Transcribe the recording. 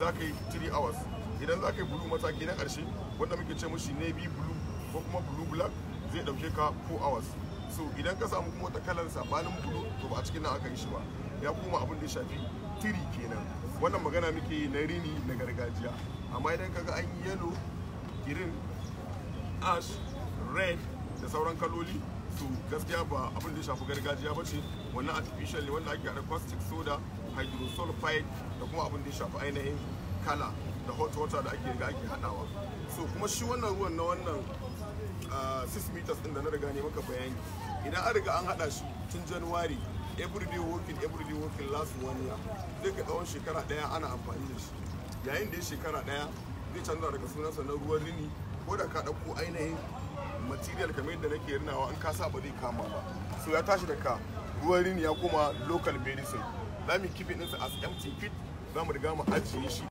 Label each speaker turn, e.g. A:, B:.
A: za ka yi 3 hours idan za ka yi blue mataki na ƙarshe wanda muke ce mushi navy blue ko kuma blue black zai ɗauke ka 4 hours so idan ka samu kuma wata kalan sabanin blue to ba a cikin nan aka yi shi ba ya kuma abin da ya shafi tiri kenan wannan magana muke yi na rini na gargajiya amma idan ga an yi yellow green ash red da sauran kaloli to gaskiya ba abin da ya shafi gargajiya ba ce wannan artificial ne wanda ake haɗa caustic soda hydrosulfide da kuma abin da ya shafi ainihin kala da hot water da ake riga ake haɗawa so kuma shi wannan ruwan na wannan 6 ah, meters din da na riga ne maka bayani idan an riga an haɗa shi tun januwari everyday working everyday working last one year zai ka tsawon shekara ɗaya ana amfani da shi yayin da ya shekara ɗaya zai canza daga sunansa na ruwan rini ko da ka ɗauko ainihin material kamar yadda nake rinawa in ka sa zai kama ba so ya tashi daga ruwan rini ya koma local medicine za mu kifi ɗinsa as empty fit za mu riga mu ajiye shi